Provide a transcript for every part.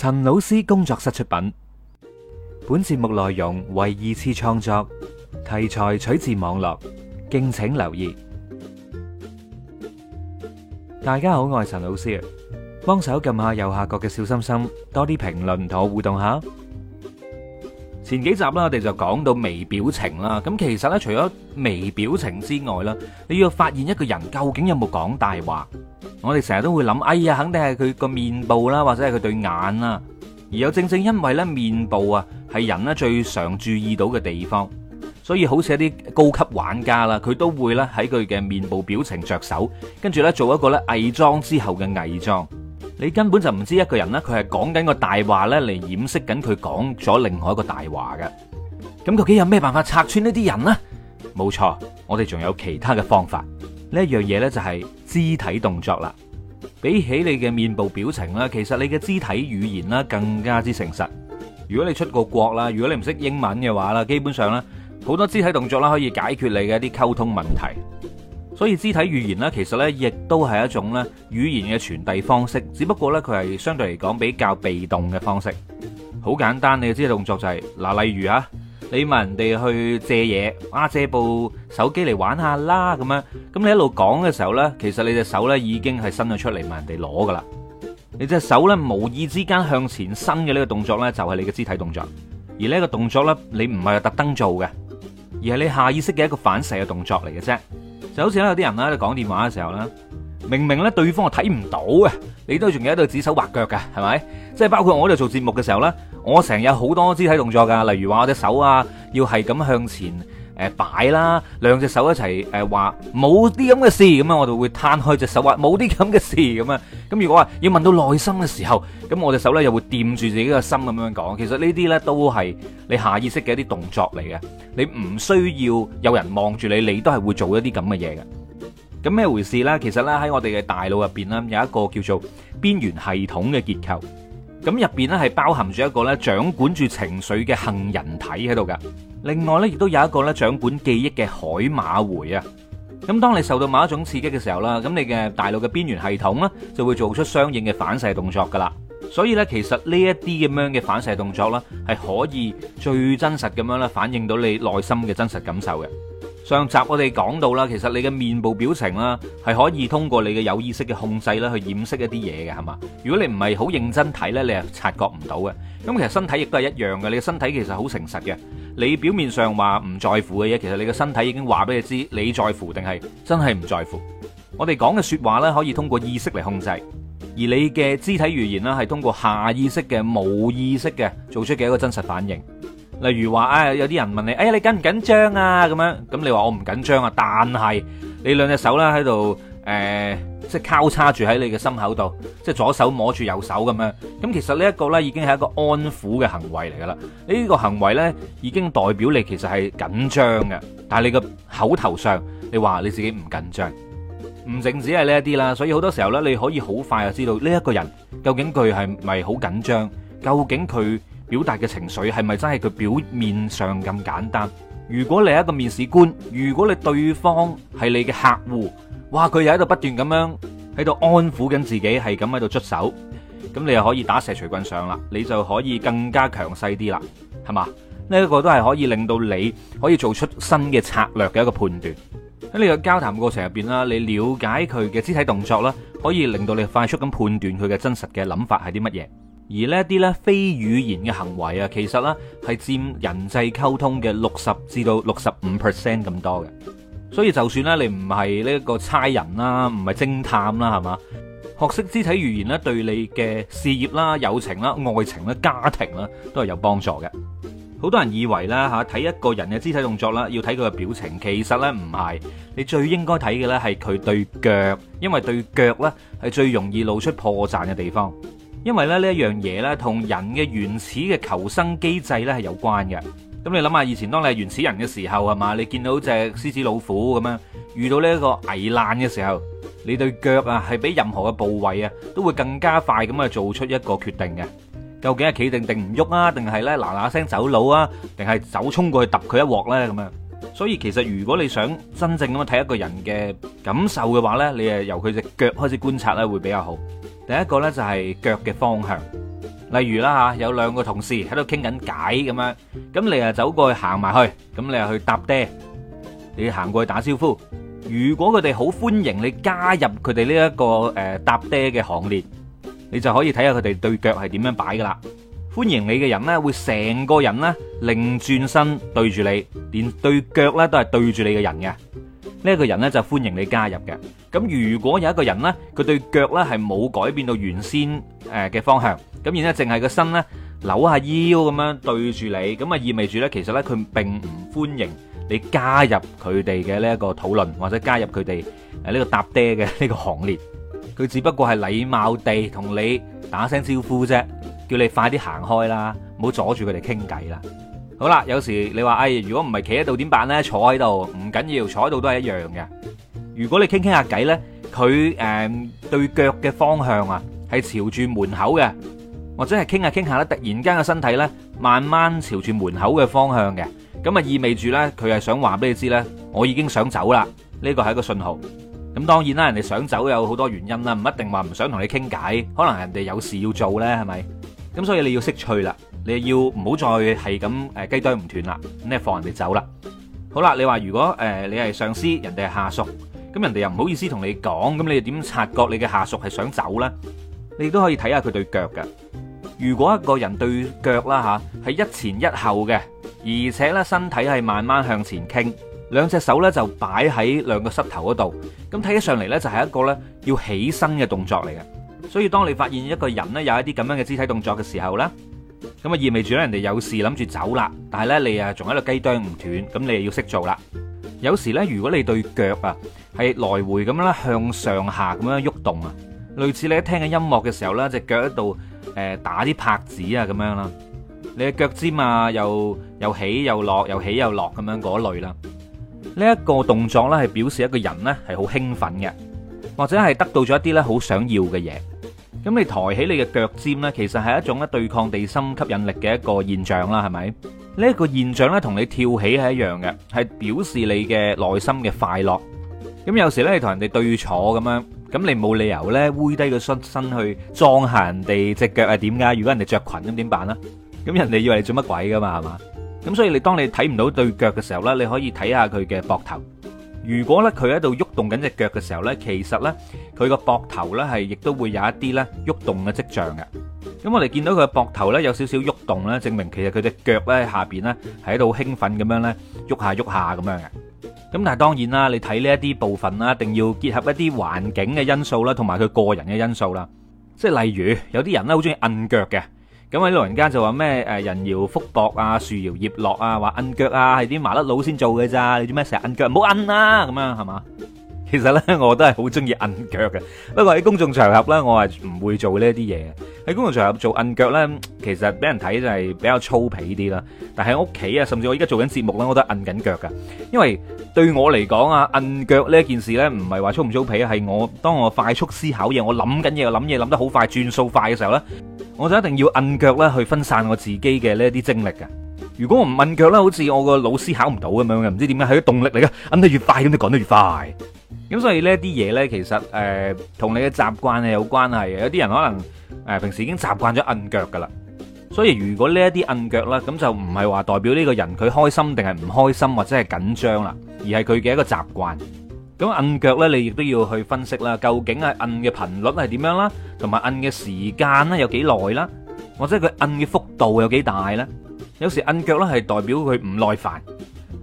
陳老師工作室出品，本節目內容為二次創作，題材取自網絡，敬請留意。大家好，我係陳老師啊，幫手撳下右下角嘅小心心，多啲評論同我互動下。前幾集啦，我哋就講到微表情啦，咁其實咧，除咗微表情之外啦，你要發現一個人究竟有冇講大話。我哋成日都會諗，哎呀，肯定係佢個面部啦，或者係佢對眼啦。而又正正因為呢，面部啊係人呢最常注意到嘅地方，所以好似一啲高級玩家啦，佢都會咧喺佢嘅面部表情着手，跟住呢做一個咧偽裝之後嘅偽裝。你根本就唔知一個人呢，佢係講緊個大話呢嚟掩飾緊佢講咗另外一個大話嘅。咁究竟有咩辦法拆穿呢啲人呢？冇錯，我哋仲有其他嘅方法。呢一樣嘢呢，就係、是。肢體動作啦，比起你嘅面部表情啦，其實你嘅肢體語言啦更加之誠實。如果你出過國啦，如果你唔識英文嘅話啦，基本上咧好多肢體動作啦可以解決你嘅一啲溝通問題。所以肢體語言咧，其實咧亦都係一種咧語言嘅傳遞方式，只不過咧佢係相對嚟講比較被動嘅方式。好簡單，你嘅肢體動作就係嗱，例如啊。你問人哋去借嘢，啊借部手機嚟玩下啦咁樣，咁你一路講嘅時候呢，其實你隻手呢已經係伸咗出嚟問人哋攞噶啦，你隻手呢，無意之間向前伸嘅呢個動作呢，就係你嘅肢體動作，而呢個動作呢，你唔係特登做嘅，而係你下意識嘅一個反射嘅動作嚟嘅啫，就好似有啲人咧喺度講電話嘅時候呢。明明咧，對方係睇唔到嘅，你都仲要喺度指手畫腳嘅，係咪？即係包括我喺度做節目嘅時候咧，我成日好多肢體動作嘅，例如話我隻手啊，要係咁向前誒擺啦，兩隻手一齊誒話冇啲咁嘅事，咁啊，我就會攤開隻手話冇啲咁嘅事，咁啊，咁如果話要問到內心嘅時候，咁我隻手咧又會掂住自己嘅心咁樣講。其實呢啲咧都係你下意識嘅一啲動作嚟嘅，你唔需要有人望住你，你都係會做一啲咁嘅嘢嘅。咁咩回事呢？其實呢，喺我哋嘅大腦入邊呢，有一個叫做邊緣系統嘅結構，咁入邊呢，係包含住一個呢掌管住情緒嘅杏仁體喺度噶。另外呢，亦都有一個呢掌管記憶嘅海馬回啊。咁當你受到某一種刺激嘅時候啦，咁你嘅大腦嘅邊緣系統呢，就會做出相應嘅反射動作噶啦。所以呢，其實呢一啲咁樣嘅反射動作呢，係可以最真實咁樣反映到你內心嘅真實感受嘅。上集我哋講到啦，其實你嘅面部表情啦，係可以通過你嘅有意識嘅控制啦去掩飾一啲嘢嘅，係嘛？如果你唔係好認真睇呢，你係察覺唔到嘅。咁其實身體亦都係一樣嘅，你嘅身體其實好誠實嘅。你表面上話唔在乎嘅嘢，其實你嘅身體已經話俾你知，你在乎定係真係唔在乎。我哋講嘅說話呢，可以通過意識嚟控制，而你嘅肢體語言呢，係通過下意識嘅、冇意識嘅，做出嘅一個真實反應。例如話啊，有啲人問你，哎呀，你緊唔緊張啊？咁樣咁你話我唔緊張啊，但係你兩隻手咧喺度，誒，即係交叉住喺你嘅心口度，即係左手摸住右手咁樣。咁其實呢一個咧已經係一個安撫嘅行為嚟㗎啦。呢個行為咧已經代表你其實係緊張嘅，但係你個口頭上你話你自己唔緊張，唔淨止係呢一啲啦。所以好多時候咧，你可以好快就知道呢一個人究竟佢係咪好緊張，究竟佢表達嘅情緒係咪真係佢表面上咁簡單？如果你係一個面試官，如果你是對方係你嘅客戶，哇，佢又喺度不斷咁樣喺度安撫緊自己，係咁喺度出手，咁你又可以打蛇隨棍上啦，你就可以更加強勢啲啦，係嘛？呢、這、一個都係可以令到你可以做出新嘅策略嘅一個判斷。喺呢個交談過程入邊啦，你了解佢嘅肢體動作啦，可以令到你快速咁判斷佢嘅真實嘅諗法係啲乜嘢。而呢啲呢非語言嘅行為啊，其實咧係佔人際溝通嘅六十至到六十五 percent 咁多嘅。所以就算咧你唔係呢一個差人啦，唔係偵探啦，係嘛？學識肢體語言咧，對你嘅事業啦、友情啦、愛情啦、家庭啦，都係有幫助嘅。好多人以為啦嚇睇一個人嘅肢體動作啦，要睇佢嘅表情，其實咧唔係。你最應該睇嘅呢係佢對腳，因為對腳呢係最容易露出破綻嘅地方。因為咧呢一樣嘢呢同人嘅原始嘅求生機制呢係有關嘅。咁你諗下，以前當你係原始人嘅時候，係嘛？你見到隻獅子老虎咁樣遇到呢一個危難嘅時候，你對腳啊係比任何嘅部位啊都會更加快咁去做出一個決定嘅。究竟係企定定唔喐啊，定係呢嗱嗱聲走佬啊，定係走衝過去揼佢一鑊呢？咁樣。所以其實如果你想真正咁樣睇一個人嘅感受嘅話呢，你由佢隻腳開始觀察呢會比較好。第一個呢就係腳嘅方向，例如啦吓，有兩個同事喺度傾緊偈咁樣，咁你呀走過去行埋去，咁你又去搭爹，你行過去打招呼。如果佢哋好歡迎你加入佢哋呢一個誒搭爹嘅行列，你就可以睇下佢哋對腳係點樣擺㗎喇。歡迎你嘅人呢，會成個人呢，擰轉身對住你，連對腳呢都係對住你嘅人嘅。呢一個人咧就歡迎你加入嘅。咁如果有一個人咧，佢對腳咧係冇改變到原先誒嘅方向，咁然之後淨係個身咧扭下腰咁樣對住你，咁啊意味住咧其實咧佢並唔歡迎你加入佢哋嘅呢一個討論，或者加入佢哋誒呢個搭爹嘅呢個行列。佢只不過係禮貌地同你打聲招呼啫，叫你快啲行開啦，唔好阻住佢哋傾偈啦。好啦，有時你話，哎，如果唔係企喺度點辦咧？坐喺度唔緊要，坐喺度都係一樣嘅。如果你傾傾下偈咧，佢誒對腳嘅方向啊，係朝住門口嘅，或者係傾下傾下咧，突然間個身體咧慢慢朝住門口嘅方向嘅，咁啊意味住咧佢係想話俾你知咧，我已經想走啦。呢個係一個信號。咁當然啦，人哋想走有好多原因啦，唔一定話唔想同你傾偈，可能人哋有事要做咧，係咪？咁所以你要識趣啦。你要唔好再係咁誒雞啄唔斷啦，咁你放人哋走啦。好啦，你話如果誒你係上司，人哋係下屬，咁人哋又唔好意思同你講，咁你又點察覺你嘅下屬係想走呢？你都可以睇下佢對腳㗎。如果一個人對腳啦，吓係一前一後嘅，而且呢身體係慢慢向前傾，兩隻手呢就擺喺兩個膝頭嗰度，咁睇起上嚟呢，就係一個呢要起身嘅動作嚟嘅。所以當你發現一個人呢有一啲咁樣嘅肢體動作嘅時候呢。咁啊意味住咧，人哋有事諗住走啦，但係咧你啊，仲喺度雞啄唔斷，咁你又要識做啦。有時咧，如果你對腳啊係來回咁樣咧，向上下咁樣喐動啊，類似你喺聽緊音樂嘅時候咧，隻腳喺度誒打啲拍子啊咁樣啦，你嘅腳尖啊又又起又落，又起又落咁樣嗰類啦。呢一個動作咧係表示一個人咧係好興奮嘅，或者係得到咗一啲咧好想要嘅嘢。咁你抬起你嘅腳尖呢，其實係一種咧對抗地心吸引力嘅一個現象啦，係咪？呢一個現象呢，同你跳起係一樣嘅，係表示你嘅內心嘅快樂。咁有時呢，你同人哋對坐咁樣，咁你冇理由呢，屈低個身身去撞下人哋隻腳係點噶？如果人哋着裙咁點辦啦？咁人哋以為你做乜鬼噶嘛？係嘛？咁所以你當你睇唔到對腳嘅時候呢，你可以睇下佢嘅膊頭。如果咧佢喺度喐動緊隻腳嘅時候呢，其實呢佢個膊頭呢係亦都會有一啲呢喐動嘅跡象嘅。咁我哋見到佢嘅膊頭呢有少少喐動呢，證明其實佢隻腳呢下邊呢係喺度興奮咁樣呢喐下喐下咁樣嘅。咁但係當然啦，你睇呢一啲部分啦，一定要結合一啲環境嘅因素啦，同埋佢個人嘅因素啦。即係例如有啲人呢好中意摁腳嘅。咁啊！老人家就話咩？誒，人搖福薄啊，樹搖葉落啊，話摁腳啊，係啲麻甩佬先做嘅咋？你做咩成日摁腳？唔好摁啊！咁樣係嘛？其實咧，我都係好中意摁腳嘅。不過喺公眾場合咧，我係唔會做呢一啲嘢嘅。喺公眾場合做摁腳咧，其實俾人睇就係比較粗皮啲啦。但係喺屋企啊，甚至我而家做緊節目咧，我都係摁緊腳噶。因為對我嚟講啊，摁腳呢一件事咧，唔係話粗唔粗皮啊，係我當我快速思考嘢，我諗緊嘢，諗嘢諗得好快，轉數快嘅時候咧，我就一定要摁腳咧，去分散我自己嘅呢啲精力嘅。如果我唔摁腳咧，好似我個老師考唔到咁樣嘅，唔知點解係個動力嚟嘅。摁得越快，咁就講得越快。咁所以呢啲嘢呢，其實誒同、呃、你嘅習慣係有關係嘅。有啲人可能誒、呃、平時已經習慣咗摁腳噶啦。所以如果呢一啲摁腳咧，咁就唔係話代表呢個人佢開心定係唔開心，或者係緊張啦，而係佢嘅一個習慣。咁按腳咧，你亦都要去分析啦，究竟係按嘅頻率係點樣啦，同埋按嘅時間咧有幾耐啦，或者佢按嘅幅度有幾大咧？有時按腳咧係代表佢唔耐煩，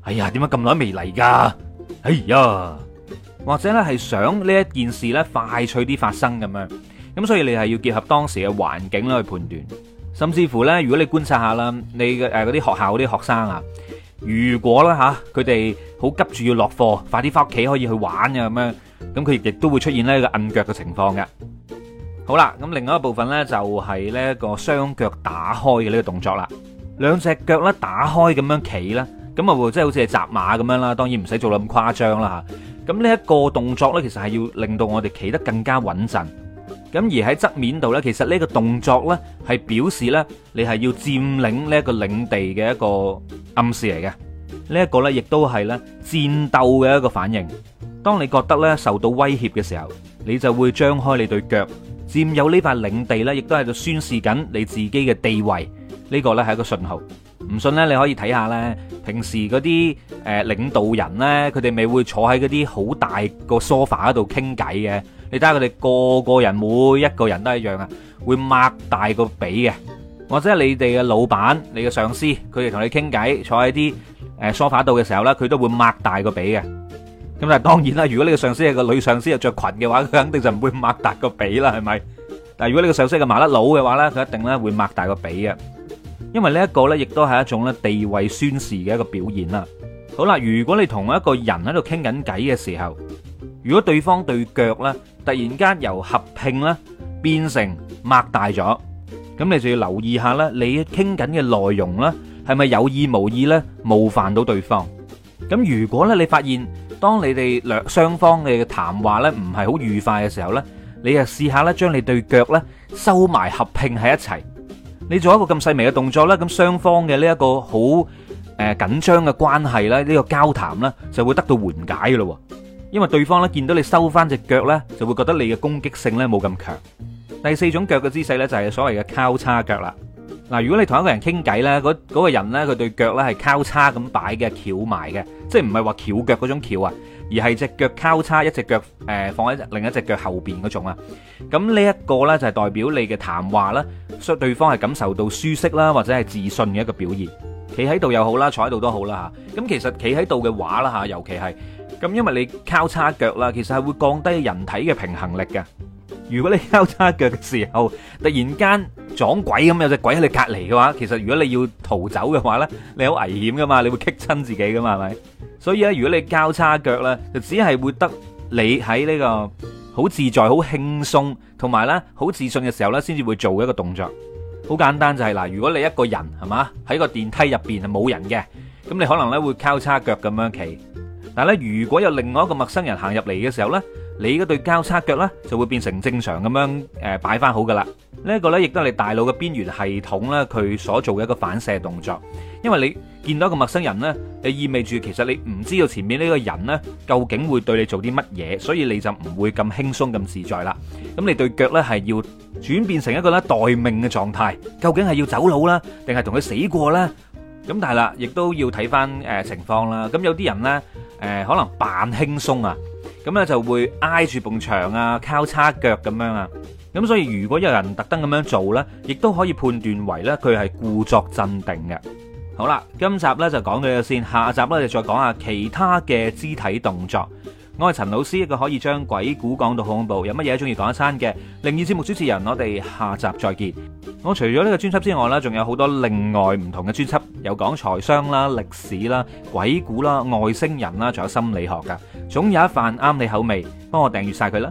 哎呀點解咁耐未嚟㗎？哎呀，或者咧係想呢一件事咧快脆啲發生咁樣，咁所以你係要結合當時嘅環境咧去判斷，甚至乎咧如果你觀察下啦，你嘅誒嗰啲學校嗰啲學生啊。如果啦吓佢哋好急住要落課，快啲翻屋企可以去玩嘅咁樣，咁佢亦都會出現咧個摁腳嘅情況嘅。好啦，咁另外一部分咧就係咧一個雙腳打開嘅呢個動作啦，兩隻腳咧打開咁樣企啦，咁啊即係好似係扎馬咁樣啦，當然唔使做得咁誇張啦吓。咁呢一個動作咧，其實係要令到我哋企得更加穩陣。咁而喺側面度咧，其實呢個動作咧係表示咧你係要佔領呢個領地嘅一個暗示嚟嘅呢一個呢，亦都係咧戰鬥嘅一個反應。當你覺得咧受到威脅嘅時候，你就會張開你對腳，佔有呢塊領地呢，亦都喺度宣示緊你自己嘅地位。呢個呢，係一個信號。唔信呢，你可以睇下呢。平時嗰啲誒領導人呢，佢哋咪會坐喺嗰啲好大個 sofa 度傾偈嘅。你睇下佢哋個個人，每一個人都一樣啊，會擘大個髀嘅。或者你哋嘅老闆、你嘅上司，佢哋同你傾偈，坐喺啲誒梳化度嘅時候呢，佢都會擘大個髀嘅。咁但係當然啦，如果你嘅上司係個女上司係着裙嘅話，佢肯定就唔會擘大個髀啦，係咪？但係如果你嘅上司係個麻甩佬嘅話呢，佢一定呢會擘大個髀嘅。因為呢一個呢，亦都係一種地位宣示嘅一個表現啦。好啦，如果你同一個人喺度傾緊偈嘅時候，如果對方對腳呢，突然間由合拼呢，變成擘大咗。咁你就要留意下咧，你傾緊嘅內容咧，係咪有意無意咧冒犯到對方？咁如果咧你發現，當你哋兩雙方嘅談話咧唔係好愉快嘅時候咧，你啊試下咧將你對腳咧收埋合拼喺一齊，你做一個咁細微嘅動作咧，咁雙方嘅呢一個好誒緊張嘅關係咧，呢個交談咧就會得到緩解嘅咯。因為對方咧見到你收翻隻腳咧，就會覺得你嘅攻擊性咧冇咁強。第四種腳嘅姿勢呢，就係所謂嘅交叉腳啦。嗱，如果你同一個人傾偈呢，嗰、嗰個人呢，佢對腳呢係交叉咁擺嘅，翹埋嘅，即係唔係話翹腳嗰種翹啊，而係隻腳交叉，一隻腳、呃、放喺另一隻腳後邊嗰種啊。咁呢一個呢，就係代表你嘅談話啦，所以對方係感受到舒適啦，或者係自信嘅一個表現。企喺度又好啦，坐喺度都好啦吓，咁其實企喺度嘅話啦吓，尤其係咁，因為你交叉腳啦，其實係會降低人體嘅平衡力嘅。如果你交叉腳嘅時候，突然間撞鬼咁有隻鬼喺你隔離嘅話，其實如果你要逃走嘅話呢，你好危險噶嘛，你會棘親自己噶嘛，係咪？所以咧，如果你交叉腳呢，就只係會得你喺呢個好自在、好輕鬆，同埋呢好自信嘅時候呢，先至會做一個動作。好簡單就係嗱，如果你一個人係嘛，喺個電梯入邊係冇人嘅，咁你可能呢會交叉腳咁樣企，但係咧，如果有另外一個陌生人行入嚟嘅時候呢。你嗰對交叉腳咧，就會變成正常咁樣誒，擺翻好噶啦。呢一個咧，亦都係你大腦嘅邊緣系統咧，佢所做嘅一個反射動作。因為你見到一個陌生人咧，你意味住其實你唔知道前面呢個人咧，究竟會對你做啲乜嘢，所以你就唔會咁輕鬆咁自在啦。咁你對腳咧係要轉變成一個咧待命嘅狀態，究竟係要走佬啦，定係同佢死過咧？咁但係啦，亦都要睇翻誒情況啦。咁有啲人咧，誒可能扮輕鬆啊。咁咧就會挨住埲牆啊，靠叉腳咁樣啊，咁所以如果有人特登咁樣做呢，亦都可以判斷為呢，佢係故作鎮定嘅。好啦，今集呢就講到呢度先，下集呢，就再講下其他嘅肢體動作。我係陳老師，一個可以將鬼故講到好恐怖，有乜嘢都中意講一餐嘅靈異節目主持人，我哋下集再見。我除咗呢個專輯之外呢，仲有好多另外唔同嘅專輯，有講財商啦、歷史啦、鬼故啦、外星人啦，仲有心理學噶，總有一份啱你口味。幫我訂閱晒佢啦。